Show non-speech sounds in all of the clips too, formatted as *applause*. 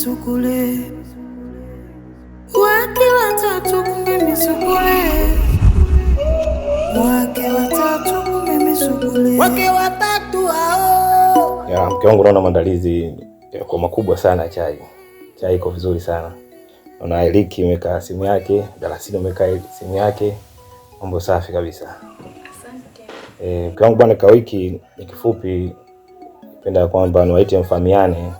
misukule wake watatu, kumbe misukule wake watatu, kumbe misukule wake watatu hao. Ya mke wangu, naona maandalizi kwa makubwa sana. Chai chai iko vizuri sana, naona Eliki imeweka simu yake, Darasini imeweka simu yake, mambo safi kabisa. Asante eh, mke wangu bwana. Kwa wiki ni kifupi, penda kwamba niwaite mfahamiane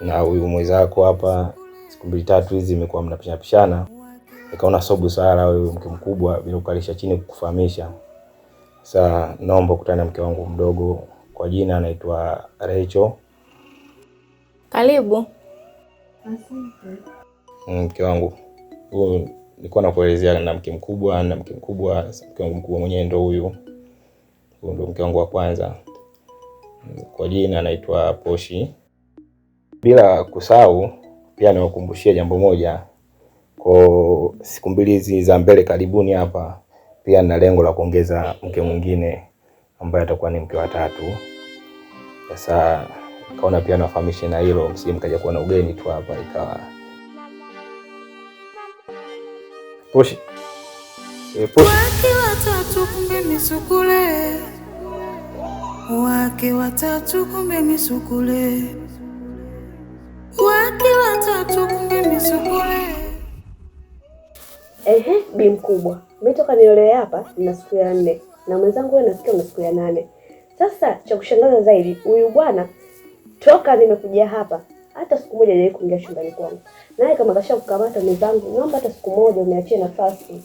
na huyu mwenzako hapa, siku mbili tatu hizi imekuwa mnapishapishana, nikaona sio busara wewe mke mkubwa bila kukalisha chini kukufahamisha. Sasa naomba kukutana na mke wangu mdogo, kwa jina anaitwa Rachel. Karibu. Mm, mke wangu huyu nilikuwa nakuelezea, na mke mkubwa na mke mkubwa, mke wangu mkubwa mwenyewe ndo huyu, huyu ndo mke wangu wa kwanza, kwa jina anaitwa Poshi. Bila kusahau pia niwakumbushie jambo moja, kwa siku mbili hizi za mbele karibuni hapa, pia nina lengo la kuongeza mke mwingine ambaye atakuwa ni mke wa tatu. Sasa kaona pia nawafahamishe na hilo, msije kuwa na ugeni tu hapa ikawa push eh, push wake watatu kumbe misukule wake watatu kumbe misukule wake watatu, kumbe mizunguwe. Ehe, bi mkubwa, mimi toka niolewe hapa nina siku ya nne na mwenzangu wewe nasikia una siku ya nane. Sasa cha kushangaza zaidi, huyu bwana toka nimekuja hapa hata siku moja hajawahi kuingia chumbani kwangu, naye kama kasha kukamata mwenzangu, naomba hata siku moja uniachie nafasi.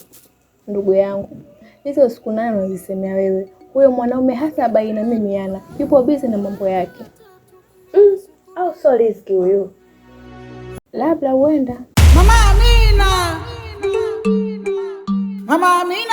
Ndugu yangu, hizo siku nane unazisemea wewe, huyo mwanaume hata baina mimi yana, yupo bizi na mambo yake. Mm, au so Riziki huyu labda huenda Mama Amina, Mama Amina.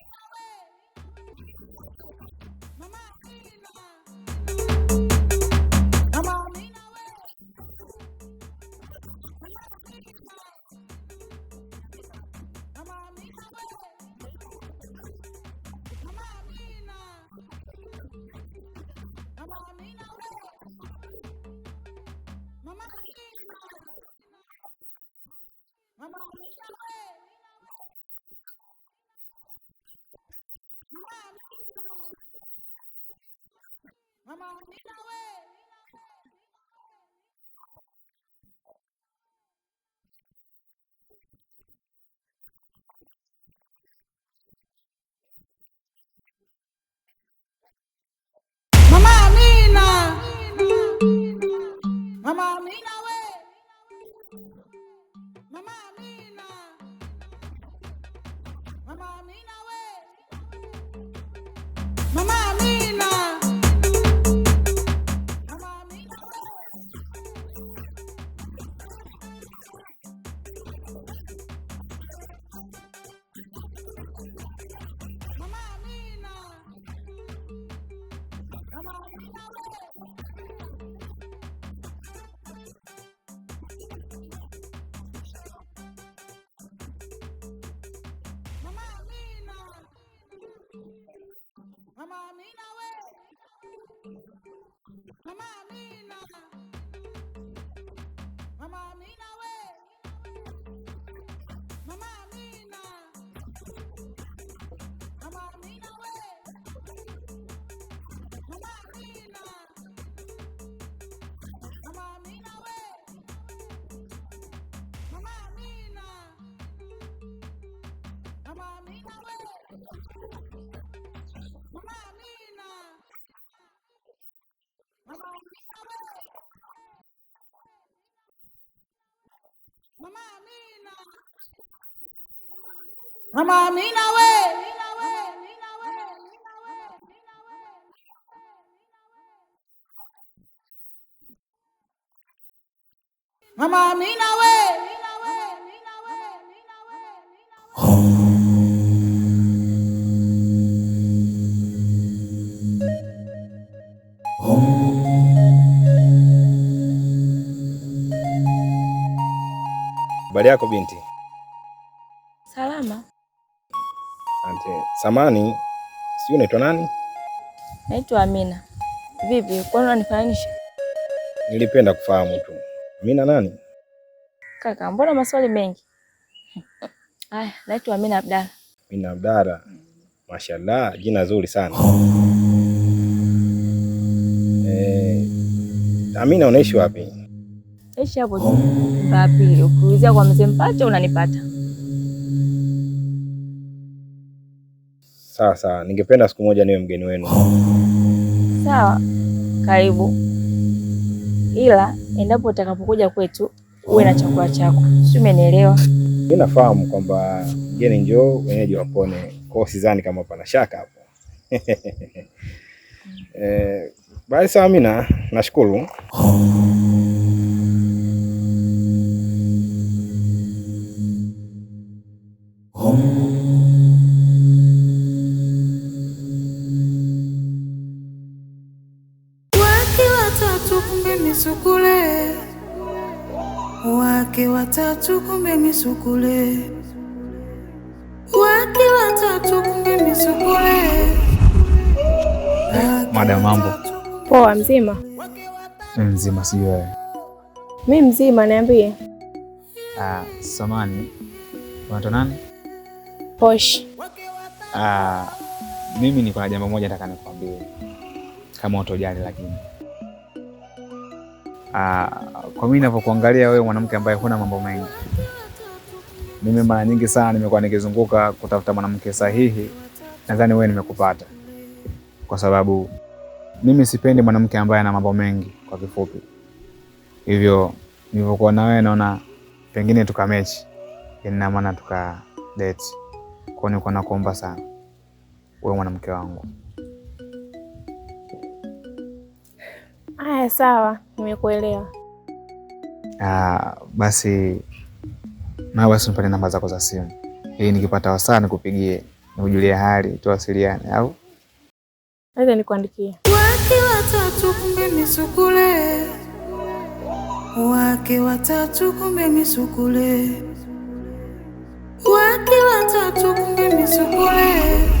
I'm all Come on, Mina, wait. Come on, Mina. Come on, Mina. Mama Amina we Mama Amina we bali yako binti. Samani, sijui unaitwa nani? Naitwa Amina. Vipi, kwani unanifananisha? Nilipenda kufahamu tu. Amina nani? Kaka, mbona maswali mengi? *laughs* Aya, naitwa Amina Abdala. Amina Abdala. Mashallah, jina zuri sana. Eh, Amina unaishi wapi? Naishi hapo tu. Wapi? Ukiuliza kwa mzee Mpacha unanipata. Sawa sawa, ningependa siku moja niwe mgeni wenu. Sawa, karibu, ila endapo utakapokuja kwetu uwe na chakula chako, si umenielewa? Mimi nafahamu kwamba mgeni njoo wenyeji wapone, kwa sidhani kama pana shaka hapo. *laughs* Eh, basi sawa, mimi na nashukuru. tatu kumbe misukule, wake tatu kumbe misukule. Mada, mambo poa? Mzima mzima, sijui wewe? Mi mzima, niambie. Ah, samani, unaitwa nani? Posh. Ah, mimi niko na jambo moja nataka nikwambie, kama utojali lakini Ah, kwa mimi ninavyokuangalia wewe mwanamke ambaye huna mambo mengi, mimi mara nyingi sana nimekuwa nikizunguka kutafuta mwanamke sahihi. Nadhani wewe nimekupata, kwa sababu mimi sipendi mwanamke ambaye ana mambo mengi, kwa kifupi. Hivyo nilivyokuwa na wewe, naona pengine tukamechi, na maana tuka date. Kwa niko nakuomba sana, wewe mwanamke wangu. Aya, sawa, nimekuelewa. Ah, basi na basi nipate namba zako za simu ili nikipata wasaa nikupigie, nikujulie hali, tuwasiliane au naweza nikuandikia. Wake watatu kumbe misukule, wake watatu kumbe misukule, wake watatu kumbe misukule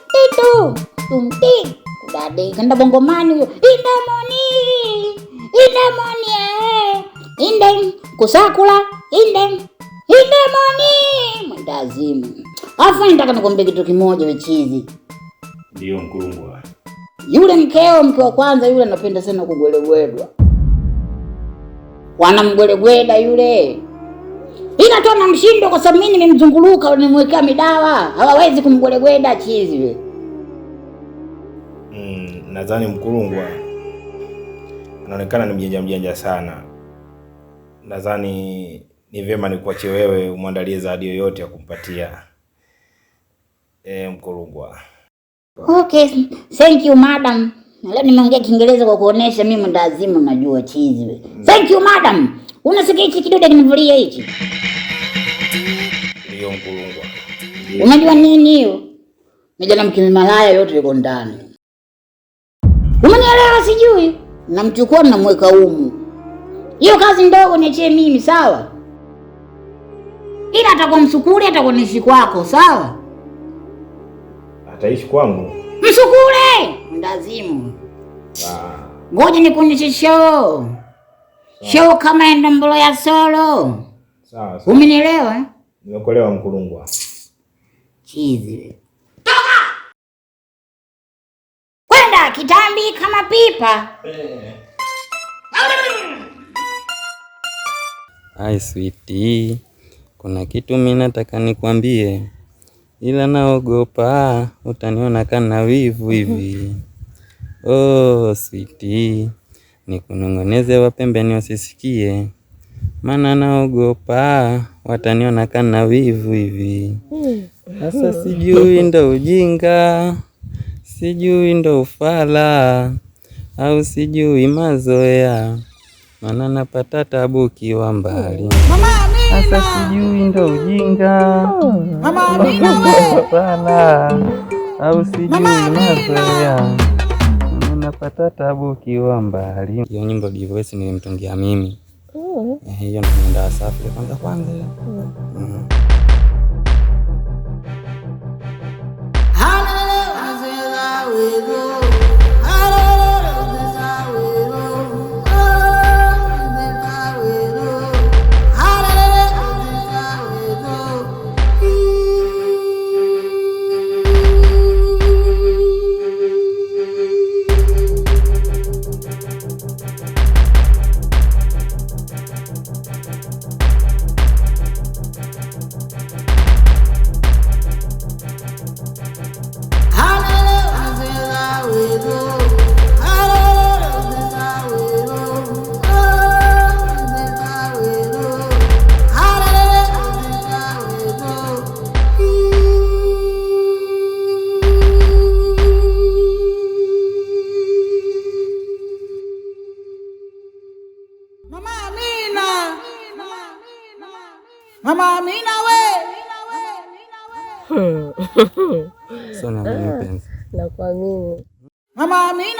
Titu tumti kudade kanda bongomani huyo indemoni indemoni eh indem kusakula indem moni mwendazimu. Afu nitaka nikwambie kitu kimoja wechizi. Ndio mkulungwa. Yule mkeo mke wa kwanza yule anapenda sana kugwelegwedwa. Wanamgwelegweda yule ila na mshindo, kwa sababu mimi nimemzunguluka, nimwekea midawa, hawawezi kumgwelegweda chizi. Mm, nadhani Mkulungwa anaonekana ni mjanja mjanja sana. Nadhani ni vyema nikuache wewe umwandalie zawadi yoyote ya kumpatia e, Mkulungwa. Okay, thank you madam. Leo nimeongea Kiingereza kwa kuonesha mimi ndazimu azimu najua chizi. Thank you madam. Unasikia hichi kidude nimevalia hichi? Ndio mkulungwa. Unajua nini hiyo? Mijana mkimi malaya yote yuko ndani. Umenielewa sijui? Namchukua namweka umu. Hiyo kazi ndogo niachie mimi sawa? Ila atakuwa msukule atakuwa kwako sawa? Ataishi kwangu. Msukule ndazimu. Ah. Ngoja nikuonyeshe show. Sio kama mbolo ya solo. Sawa sawa. Umenielewa? Eh? Nimekuelewa mkulungwa. Chizi. Toka! Kwenda kitambi kama pipa. Hai eh. sweetie. Kuna kitu mimi nataka nikwambie, ila naogopa utaniona kana wivu hivi. *laughs* Oh, sweetie nikunong'oneze wapembeni wasisikie, maana naogopa wataniona kana wivu hivi. Sasa sijui ndo ujinga, sijui ndo ufala au sijui mazoea, maana napata tabu kiwa mbali. Sasa sijui ndo ujinga, ufala au sijui mazoea napata tabu ukiwa mbali. Hiyo nyimbo Divoice nilimtungia mimi. Mm. Hiyo mwenda ndio kwanza kwanza. Mm. Mm.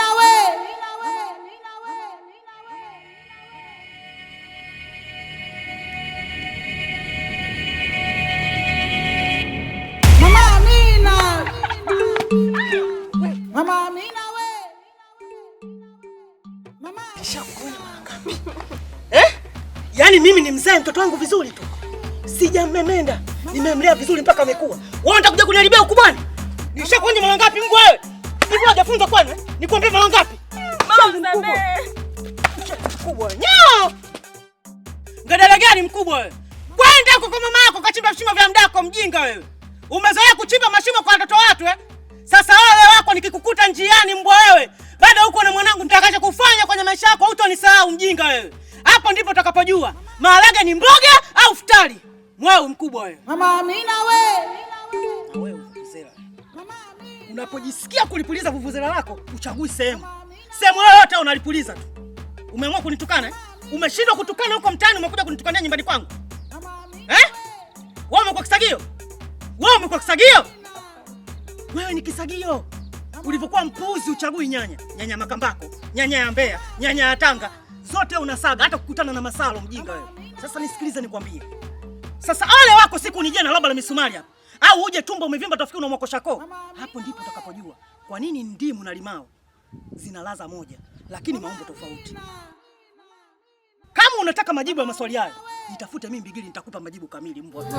nawe. Eh? Yaani mimi ni mtoto wangu vizuri tu. Sijamemenda. Nimemlea vizuri mpaka amekuwa. Wewe unataka kuja kuniharibia ukubwani? Nishakuonja mara ngapi mbwa wewe? Biblia hujafunza kwani? Nikwambie mara ngapi? Mama mkubwa. Nyao. gani mkubwa wewe? Kwenda huko kwa mama yako kachimba vishimo vya mdako mjinga wewe. Umezoea kuchimba mashimo kwa watoto watu eh? Sasa wewe wako nikikukuta njiani mbwa wewe. Bado huko na mwanangu nitakacho kufanya kwenye maisha yako hutonisahau mjinga wewe. Hapo ndipo utakapojua. Maharage ni mboga au futari. Mwao mkubwa wewe. Mama Amina wewe. Unapojisikia kulipuliza vuvuzela lako, uchagui sehemu sehemu yoyote, unalipuliza tu. Umeamua kunitukana eh? Umeshindwa kutukana huko mtaani, umekuja kunitukania nyumbani kwangu eh? Wewe umekuwa kisagio, wewe umekuwa kisagio, wewe ni kisagio. Ulivyokuwa mpuzi, uchagui nyanya, nyanya Makambako, nyanya ya Mbeya, nyanya ya Tanga, zote unasaga, hata kukutana na masalo, mjinga wewe. Sasa nisikilize, nikwambie sasa, ale wako siku nijia na loba la misumari hapa au uje tumbo umevimba utafikiri unamwakosha koo. Hapo ndipo utakapojua kwa nini ndimu na limao zina ladha moja lakini maumbo tofauti. Kama unataka majibu ya maswali hayo, nitafute mimi Bigili, nitakupa majibu kamili. Mbwa wewe,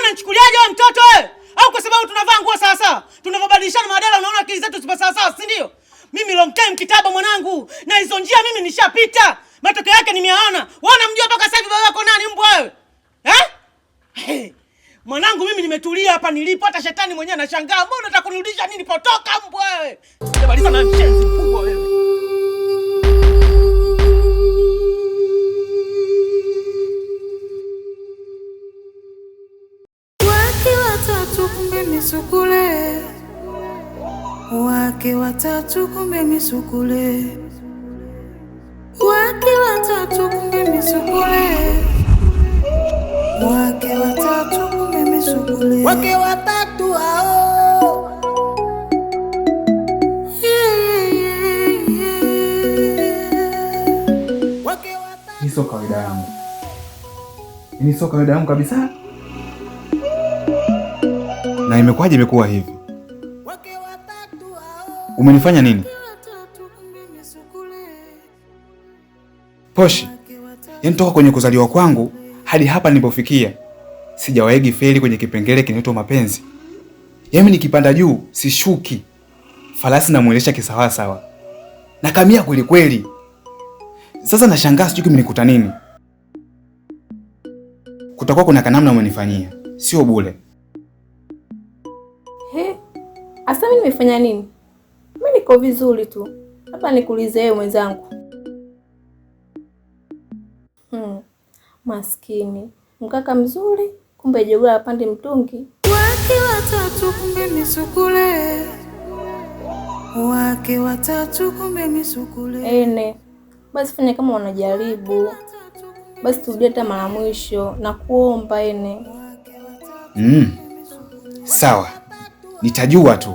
unanichukuliaje wewe mtoto wewe? Au kwa sababu tunavaa nguo sawa sawa, tunavyobadilishana madela, unaona akili zetu zipo sawa sawa, si ndio? Mimi long time kitaba mwanangu, na hizo njia mimi nishapita, matokeo yake nimeaona wana mjua mpaka sasa hivi baba yako nani? Mbwa wewe eh? Hey. Mwanangu mimi nimetulia hapa nilipo, hata shetani mwenyewe anashangaa, mbona unataka kunirudisha nini? Potoka mbwa wewe, tabaliza na mchezo mkubwa wewe wake watatu kumbe misukule, wake watatu kumbe misukule, wake watatu kumbe misukule, wake watatu hao ni sio kawaida yangu, ni sio kawaida yangu kabisa. Na imekuwaje imekuwa hivi? Umenifanya nini? Poshi, yaani toka kwenye kuzaliwa kwangu hadi hapa nilipofikia sijawaegi feli kwenye kipengele kinaitwa mapenzi. Yaani nikipanda juu sishuki, farasi namwelesha kisawasawa, nakamia kweli kweli. Sasa nashangaa sijui kimenikuta nini. Kutakuwa kuna kanamna umenifanyia, sio bure. He, asa mimi nimefanya nini? mimi niko vizuri tu. Hapa nikuulize wewe mwenzangu. Hmm. Maskini mkaka mzuri, kumbe jogoo apande mtungi wake watatu, kumbe misukule wake watatu, kumbe misukule ene. Basi fanya kama wanajaribu basi, turudie hata mara mwisho na kuomba ene. Mm. Sawa, nitajua tu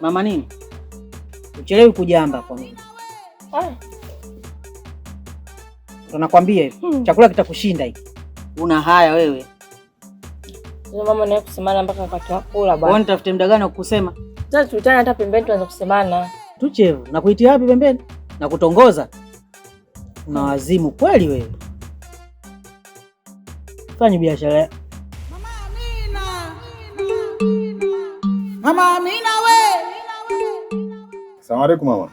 Mama nini? Uchelewi kujamba kwa mimi. Ah. Tunakwambia hivi, hmm. Chakula kitakushinda hiki. Una haya wewe. Sasa mama naye kusemana mpaka wakati wa kula bwana. Wewe nitafute muda gani wa kusema? Sasa tutana hata pembeni tuanze kusemana. Tuchevu, nakuitia wapi pembeni? Na kutongoza. Na wazimu kweli wewe. Fanya biashara. Mama Amina. Mama Amina. Salamu alaikum mama.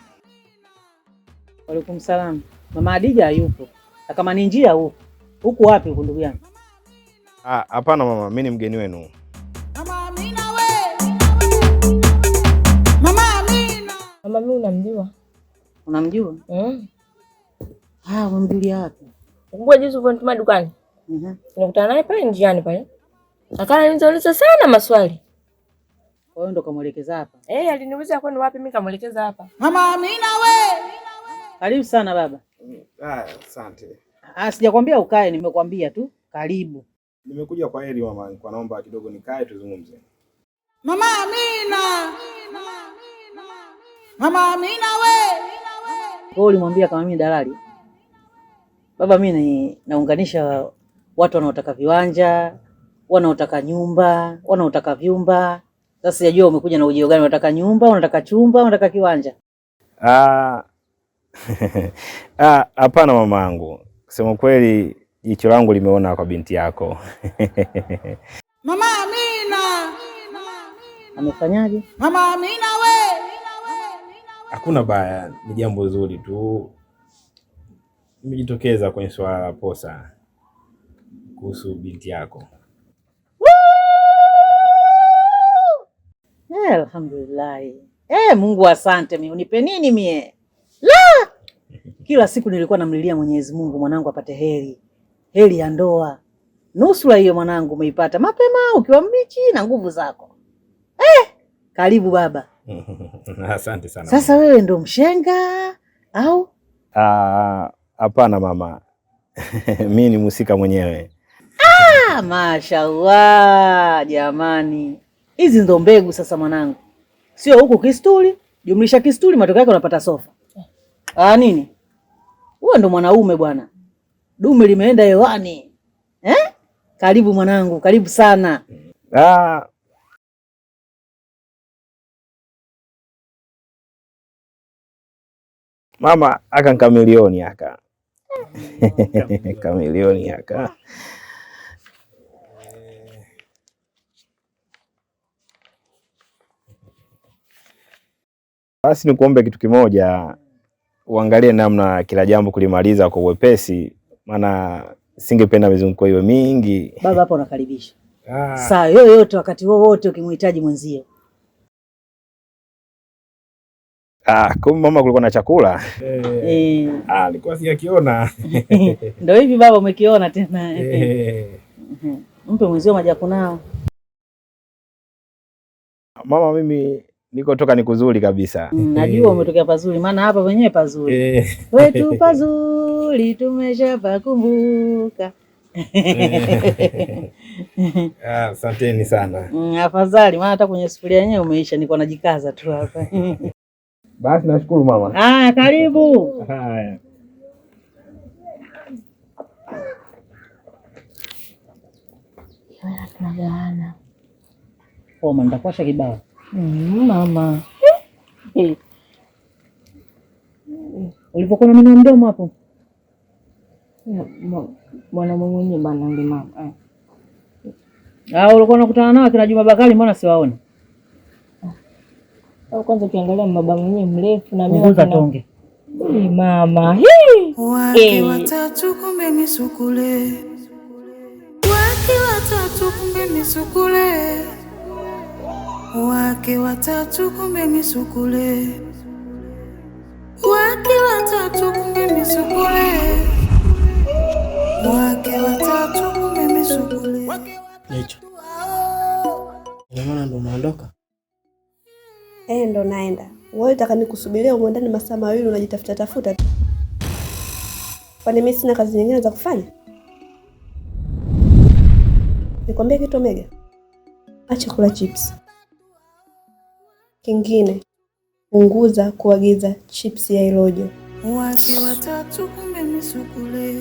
Waalaikum salam. Mama Adija yupo na kama ni njia huku huku, wapi huku ndugu yangu? Ah, hapana mama, mimi ni mgeni wenu. Mama Amina we. Mama Amina. Mama mimi unamjua? Unamjua? Mm. Ah, umjulia wapi? Kumbuka juzi ulivyonituma dukani. Mhm. Nikutana naye pale njiani pale. Akaniuliza sana maswali. Kwa hiyo ndo kamwelekeza hapa. Eh, aliniuliza kwani wapi, mimi kamwelekeza hapa. Mama Amina we. Karibu sana baba. Ah, asante. Ah, sijakwambia ukae, nimekwambia tu karibu. Nimekuja kwa heri mama, kwa naomba kidogo nikae tuzungumze. Mama Amina. Mama Amina we. Wewe ulimwambia kama mimi dalali? Baba, mimi naunganisha watu wanaotaka viwanja, wanaotaka nyumba, wanaotaka vyumba sasa sijajua umekuja na ujio gani, unataka nyumba, unataka chumba, unataka kiwanja? Ah, *laughs* ah, hapana mamangu, kusema kweli jicho langu limeona kwa binti yako. *laughs* Mama Amina amefanyaje? Mama Amina we, hakuna baya, ni jambo zuri tu nimejitokeza kwenye swala la posa kuhusu binti yako. Eh, alhamdulillah. Eh, Mungu asante mimi. Unipe nini mie? La! Kila siku nilikuwa namlilia Mwenyezi Mungu mwanangu apate heri. Heri ya ndoa. Nusura hiyo mwanangu umeipata mapema ukiwa mbichi na nguvu zako. Eh, karibu baba. *laughs* Asante sana. Sasa wewe ndo mshenga au? Ah, hapana mama. *laughs* Mimi ni mhusika mwenyewe. Ah, mashaallah jamani. Hizi ndo mbegu sasa mwanangu, sio huku kistuli jumlisha kistuli, matokeo yake unapata sofa. Eh. Ah, nini wewe? ndo mwanaume bwana, dume limeenda hewani eh? Karibu mwanangu, karibu sana ah. Mama aka nkamilioni aka eh. *laughs* kamilioni aka Basi nikuombe kitu kimoja, uangalie namna kila jambo kulimaliza kwa uwepesi, maana singependa mizunguko hiyo mingi. Baba hapa unakaribisha *laughs* ah, saa yoyote, wakati wowote ukimhitaji mwenzie. Ah, kumbe mama kulikuwa na chakula *laughs* eh. *laughs* Ah, nilikuwa sijakiona. Ndio hivi baba, umekiona tena eh. Mpe mwenzio maji ya kunawa. Mama mimi niko toka ni kuzuri kabisa. Najua eh. umetokea pazuri, maana hapa wenyewe pazuri eh. wetu *laughs* pazuri, tumesha pakumbuka. Eh. Ah, asanteni sana. *laughs* Mm, afadhali maana hata kwenye sufuria yenyewe umeisha, niko najikaza tu hapa *laughs* basi. Nashukuru mama. Ah, karibu. Haya. Tunagawana. Oma, nitakuwasha kibao Mm, mama eh. eh. ulivyokuwa namini mdomo hapo bwana mwenye banange mama eh. au ah, ulikuwa unakutana nao kina Juma Bakari, mbona siwaona? Ah. Au kwanza ukiangalia mbaba mwenyewe mrefu na mimi tonge mama wake watatu kumbe misukule wake watatu kumbe misukule wake watatu kumbe misukule, wake watatu kumbe misukule, wake watatu kumbe misukule. Ndio maana ndo unaondoka eh? Ndo naenda. Wewe unataka nikusubiria umo ndani masaa mawili unajitafuta tafuta? tu, Kwani mimi sina kazi nyingine za kufanya? Nikwambia kitu Omega, acha kula chips. Kingine punguza kuagiza chipsi ya ilojo. Wazi watatu kumbe misukule